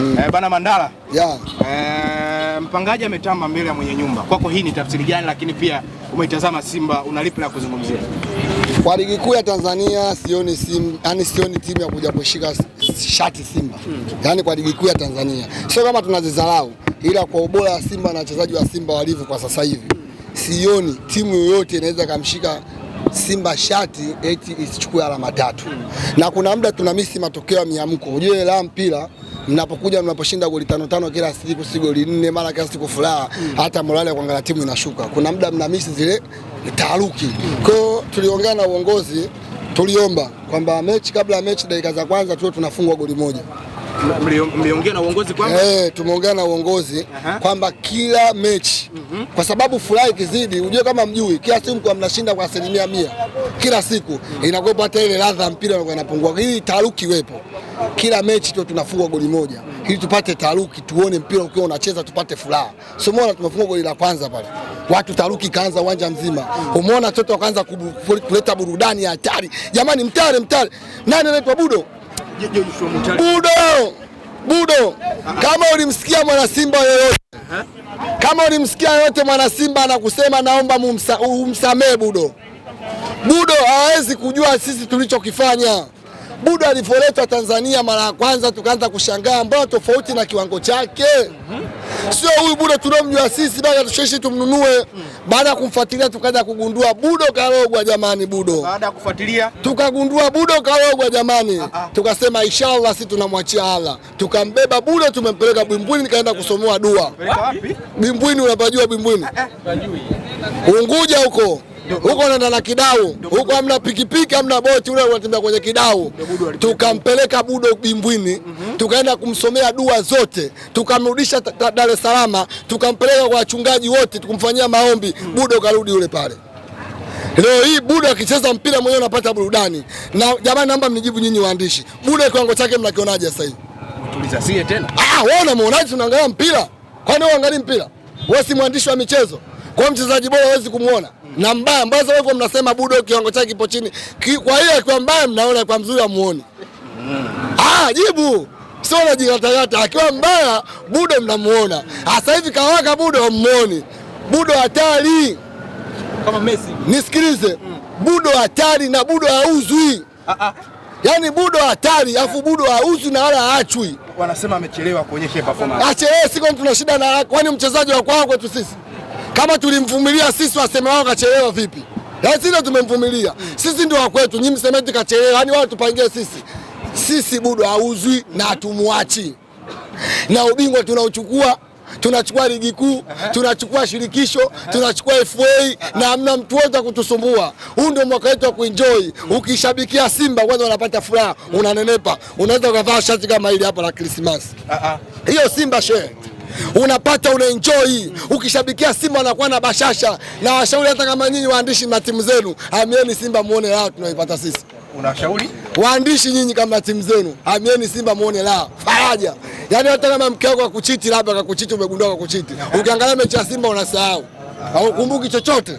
mm. Eh, bana Mandala yeah. Eh, mpangaji ametamba mbele ya mwenye nyumba, kwako hii ni tafsiri gani? Lakini pia umeitazama Simba, unalipi la kuzungumzia kwa ligi kuu ya Tanzania? Sioni sim, yani sioni timu ya kuja kushika shati Simba mm. Yani kwa ligi kuu ya Tanzania sio kama tunazidharau, ila kwa ubora wa Simba na wachezaji wa Simba walivyo kwa sasa hivi sioni timu yoyote inaweza kamshika Simba shati eti isichukue alama tatu, mm. na kuna muda tunamisi matokeo ya miamko. Unajua, ile mpira mnapokuja mnaposhinda goli tano tano kila siku, si goli nne mara kila siku, furaha mm. hata morale ya kuangalia timu inashuka. Kuna muda mnamisi zile taaruki mm. Kwa tuliongea na uongozi, tuliomba kwamba mechi kabla ya mechi, dakika za kwanza tuwe tunafungwa goli moja mliongea na uongozi kwamba eh, tumeongea na uongozi kwamba kila mechi mm -hmm. kwa sababu furaha ikizidi, unajua kama mjui, kila siku kwa mnashinda kwa asilimia mia kila siku mm -hmm. inakuwepo hata ile ladha ya mpira inakuwa inapungua, ili taruki iwepo kila mechi tu tunafungwa goli moja mm -hmm. ili tupate taruki, tuone mpira ukiwa unacheza tupate furaha. So umeona tumefungwa goli la kwanza pale, watu taruki kaanza uwanja mzima. mm. Umeona watoto wakaanza kuleta burudani ya hatari, jamani, mtare mtare, nani anaitwa Budo Budo, Budo, kama ulimsikia mwana Simba yoyote kama ulimsikia yoyote mwana Simba anakusema naomba umsamee Budo, Budo hawezi kujua sisi tulichokifanya. Budo alivyoletwa Tanzania mara ya kwanza, tukaanza kushangaa, mbona tofauti na kiwango chake? Mhm. Sio huyu Budo tunomjua sisi baada tushishi tumnunue. Mhm. Baada ya kumfuatilia, tukaanza kugundua Budo karogwa jamani, Budo baada ya kufuatilia, tukagundua Budo karogwa jamani. Ah, ah. Tukasema inshallah, sisi tunamwachia Allah. Tukambeba Budo, tumempeleka Bwimbwini, nikaenda kusomoa dua Bwimbwini. Unapajua Bwimbwini eh, eh. Unguja huko huko naenda na kidau huko, amna pikipiki amna boti, ule unatembea kwenye kidau. Tukampeleka Budo Bimbwini, mhm. tukaenda kumsomea dua zote, tukamrudisha Dar es Salaam, tukampeleka kwa wachungaji wote, tukumfanyia maombi. Mm. Budo karudi yule pale. Leo hii Buda akicheza mpira mwenyewe anapata burudani. Na jamani, naomba mnijibu nyinyi waandishi, Buda kiwango chake mnakionaje sasa hivi? sie tena. Ah, wewe unamwonaje? Tunaangalia mpira, kwani wewe angalia mpira? Wewe si mwandishi wa michezo? Kwa mchezaji bora hawezi kumuona na mbaya mbaya sasa hivyo mnasema budo kiwango chake kipo chini. Kwa hiyo akiwa mbaya mnaona, kwa mzuri hamuoni. Mm. Ah, jibu. Sio na unajigatakata. Akiwa mbaya budo mnamuona. Ah, sasa hivi kawaka budo hamuoni. Budo hatari. Kama Messi. Nisikilize. Mm. Budo hatari na budo hauzwi. Ah, ah. Yaani budo hatari, afu eh. budo hauzwi na wala haachwi. Wanasema amechelewa kuonyesha performance. Achelewe, siko mtu na shida na kwani mchezaji wa kwako tu sisi. Kama tulimvumilia sisi, waseme wao kachelewa vipi? Yaani sisi tumemvumilia, mm. sisi ndio wakwetu, kwetu, nyinyi msemeti kachelewa, yaani wao tupangie sisi. Sisi budo hauzwi na tumuachi na ubingwa tunauchukua tunachukua ligi kuu, tunachukua shirikisho, tunachukua FA na hamna mtu wote wa kutusumbua. Huu ndio mwaka wetu wa kuenjoy. Mm. Ukishabikia Simba kwanza unapata furaha, mm. unanenepa, unaweza ukavaa shati kama hili hapa la Krismasi. Ah, ah. Hiyo Simba shehe unapata unaenjoy. Ukishabikia Simba anakuwa na bashasha, na washauri hata kama nyinyi waandishi na timu zenu, hamieni Simba muone raha tunaipata sisi. Unashauri waandishi nyinyi kama timu zenu, hamieni Simba muone raha, faraja. Yani hata kama mke wako akuchiti, labda akakuchiti, umegundua akakuchiti, ukiangalia mechi ya Simba unasahau haukumbuki chochote.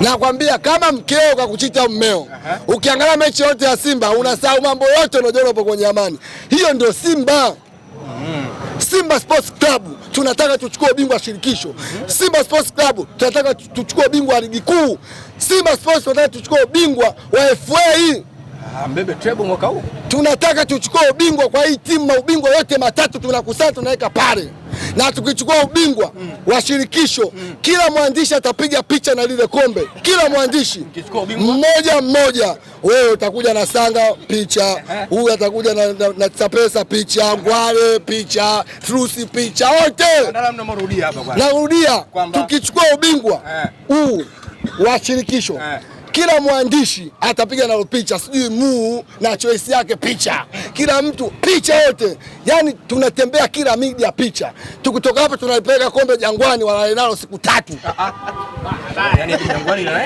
Nakwambia, kama mkeo kakuchita au mmeo, ukiangalia mechi yote ya Simba unasahau mambo yote, unajua unapo kwenye amani. Hiyo ndio Simba. Simba Sports Club tunataka tuchukue ubingwa shirikisho. Simba Sports Club tunataka tuchukue ubingwa wa ligi kuu. Simba Sports tunataka tuchukue ubingwa wa FA. Ah, mbebe treble mwaka huu. Tunataka tuchukue ubingwa kwa hii timu, maubingwa yote matatu tunakusanya tunaweka pale na tukichukua ubingwa mm. wa shirikisho mm. kila mwandishi atapiga picha na lile kombe, kila mwandishi mmoja mmoja. Wewe utakuja na Sanga picha, huyu atakuja na, na, na Tsapesa picha, Ngwale picha, Trusi picha, wote narudia, tukichukua ubingwa eh. huu wa shirikisho eh. Kila mwandishi atapiga nalo picha, sijui muu na choice yake picha, kila mtu picha yote. Yani tunatembea kila media picha, tukitoka hapa tunaipeleka kombe Jangwani, wanalenalo siku tatu yaani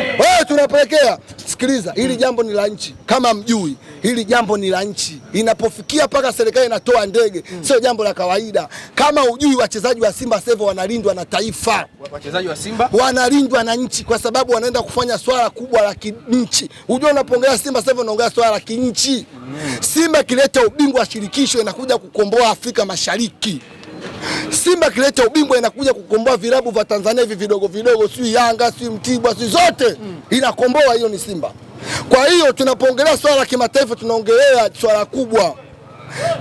wewe tunapelekea. Sikiliza, hili jambo ni la nchi, kama mjui Hili jambo ni la nchi, inapofikia mpaka serikali inatoa ndege mm. Sio jambo la kawaida. Kama ujui wachezaji wa Simba sasa wanalindwa na taifa, wachezaji wa Simba wanalindwa na nchi, kwa sababu wanaenda kufanya swala kubwa la kinchi. Unajua, unapoongelea Simba sasa unaongea swala la kinchi mm. Simba kileta ubingwa wa shirikisho inakuja kukomboa Afrika Mashariki. Simba kileta ubingwa inakuja kukomboa vilabu vya Tanzania hivi vidogo vidogo, sijui Yanga, sijui Mtibwa, sijui zote mm. Inakomboa, hiyo ni Simba. Kwa hiyo tunapoongelea swala la kimataifa, tunaongelea swala kubwa.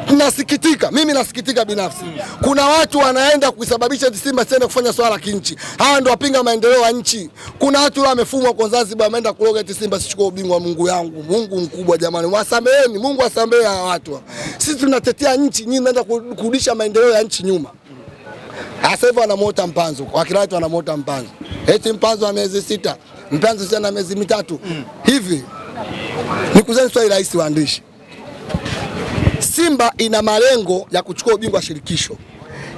Tunasikitika, mimi nasikitika binafsi, kuna watu wanaenda kusababisha Simba siende kufanya swala la kinchi. Hawa ndio wapinga maendeleo ya nchi. Kuna watu leo wamefumwa kwa Zanzibar, wameenda kuloga eti Simba sichukua ubingwa. Mungu yangu, Mungu mkubwa jamani, wasameheni, Mungu asamehe hawa watu. Sisi tunatetea nchi, nyinyi mnaenda kurudisha maendeleo ya nchi nyuma. Sasa hivi wanamwota Mpanzo, wakilala wanamwota Mpanzo, eti Mpanzo wa miezi sita mtanzo sana miezi mitatu mm. hivi. Nikuzeni swali rahisi, waandishi, Simba ina malengo ya kuchukua ubingwa wa shirikisho,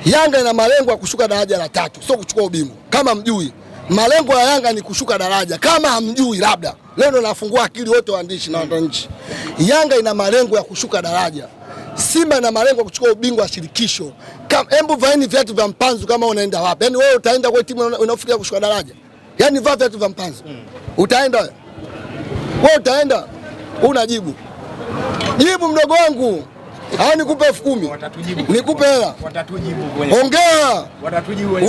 Yanga ina malengo ya kushuka daraja la tatu, sio kuchukua ubingwa. Kama mjui malengo ya Yanga ni kushuka daraja, kama hamjui, labda leo ndo nafungua akili wote waandishi na wananchi. Yanga ina malengo ya kushuka daraja, Simba ina malengo ya kuchukua ubingwa wa shirikisho. Hebu vaeni viatu vya mpanzu, kama unaenda wapi? Yaani wewe utaenda kwa timu inayofikia kushuka daraja? yani vaa viatu vya mpanzo mm. Utaenda wewe, utaenda unajibu jibu, mdogo wangu au nikupe elfu kumi nikupe hela, ongea.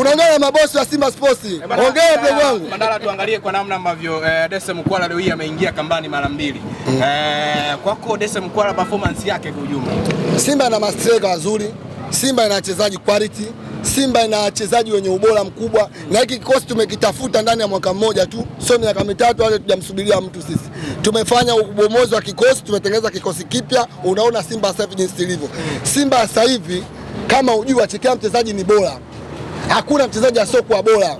Unaongea na mabosi wa Simba Sports, eh, ongea mdogo wangu. Mandala, tuangalie kwa namna ambavyo eh, Dese Mkwala leo hii ameingia kambani mara mbili mm. Eh, kwako Dese Mkwala performance yake kwa ujumla, Simba ina mastreka wazuri, Simba ina wachezaji quality Simba ina wachezaji wenye ubora mkubwa, na hiki kikosi tumekitafuta ndani ya mwaka mmoja tu, sio miaka mitatu, wale tujamsubiria mtu. Sisi tumefanya ubomozi wa kikosi, tumetengeneza kikosi kipya. Unaona Simba sasa hivi jinsi ilivyo. Simba sasa hivi kama ujua chekea, mchezaji ni bora, hakuna mchezaji asiokuwa bora.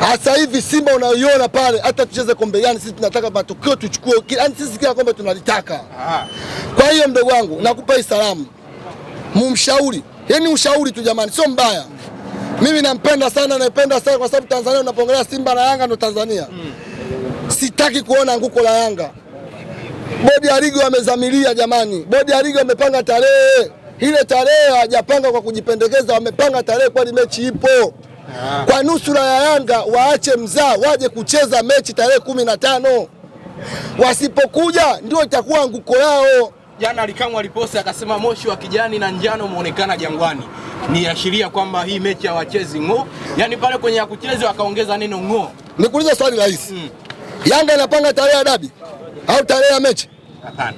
Sasa hivi Simba unaiona pale, hata tucheze kombe gani, sisi tunataka matokeo tuchukue, yaani sisi kila kombe tunalitaka. Kwa hiyo mdogo wangu, nakupa hii salamu, mumshauri Yaani ushauri tu jamani, sio mbaya. Mimi nampenda sana, naipenda sana kwa sababu Tanzania, unapoongelea Simba na Yanga ndo Tanzania. Sitaki kuona anguko la Yanga. Bodi ya ligi wamezamilia jamani, bodi ya ligi wamepanga tarehe ile tarehe hawajapanga kwa kujipendekeza, wamepanga tarehe kwa mechi ipo kwa nusura ya Yanga. Waache mzaa waje kucheza mechi tarehe kumi na tano. Wasipokuja ndio itakuwa anguko lao jana Alikamwe aliposti akasema moshi wa kijani na njano umeonekana Jangwani, ni ashiria kwamba hii mechi hawachezi ng'o, yani pale kwenye ya wakaongeza akaongeza neno ng'o. Nikuuliza swali rahisi mm. Yanga inapanga tarehe ya dabi au tarehe ya mechi? Hapana.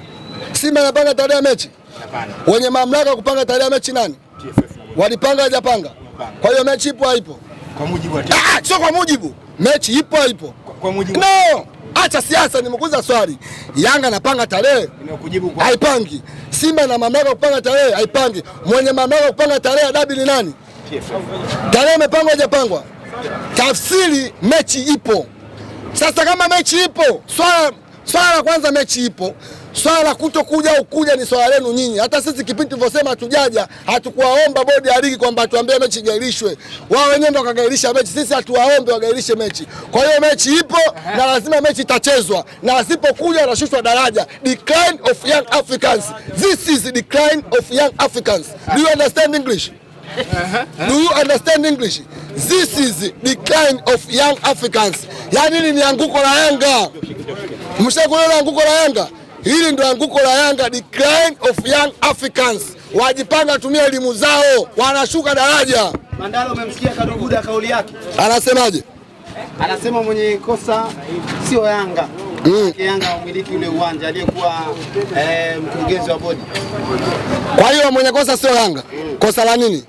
Simba inapanga tarehe ya mechi? Hapana. Wenye mamlaka kupanga tarehe ya mechi nani? TFF. Walipanga hajapanga? Kwa hiyo mechi ipo haipo? Kwa mujibu wa TFF. Ah, sio kwa mujibu. Mechi ipo haipo? Kwa mujibu. No. Acha siasa, nimekuuliza swali. Yanga anapanga tarehe? Haipangi. Simba na mamlaka kupanga tarehe? Haipangi. Mwenye mamlaka kupanga tarehe ya dabi ni nani? Tarehe imepangwa haijapangwa? Tafsiri mechi ipo. Sasa kama mechi ipo, swala swala la kwanza, mechi ipo. Swala la kutokuja au kuja ni swala lenu nyinyi. Hata sisi kipindi tulivyosema hatujaja, hatukuwaomba bodi ya ligi kwamba tuambie mechi gairishwe. Wao wenyewe ndio wakagairisha mechi, sisi hatuwaombe wagairishe mechi. Kwa hiyo mechi ipo na lazima mechi itachezwa, na asipokuja anashushwa daraja. Decline of young Africans, this is decline of young Africans. Do you understand English? Do you understand English? This is decline of young Africans. Yani ni anguko la Yanga, mshakuona anguko la Yanga Hili ndio anguko la Yanga, decline of young Africans. Wajipanga, tumia elimu zao, wanashuka daraja. Mandala, umemsikia Kaduguda kauli yake, anasemaje? Anasema mwenye kosa sio Yanga. Mm. Yanga umiliki ule uwanja aliyekuwa eh, mkurugenzi wa bodi. Kwa hiyo mwenye kosa sio Yanga. Mm. Kosa la nini?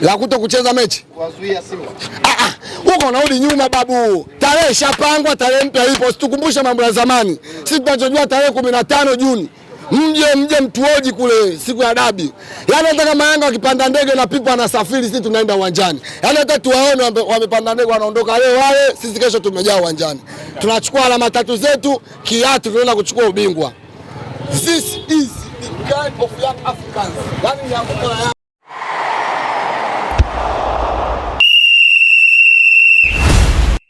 la kuto kucheza mechi kuwazuia Simba. Ah, ah, uko unarudi nyuma babu, tarehe ishapangwa, tarehe mpya ipo, situkumbushe mambo ya zamani Sisi tunachojua tarehe kumi na tano Juni mje mje mtuoji kule siku ya dabi, Yani hata kama Yanga wakipanda ndege na pipa anasafiri, sisi tunaenda uwanjani, Yani hata tuwaone wamepanda ndege wanaondoka leo wale, sisi kesho tumejaa uwanjani, tunachukua alama tatu zetu kiatu, tunaenda kuchukua ubingwa. This is the kind of young Africans. Yani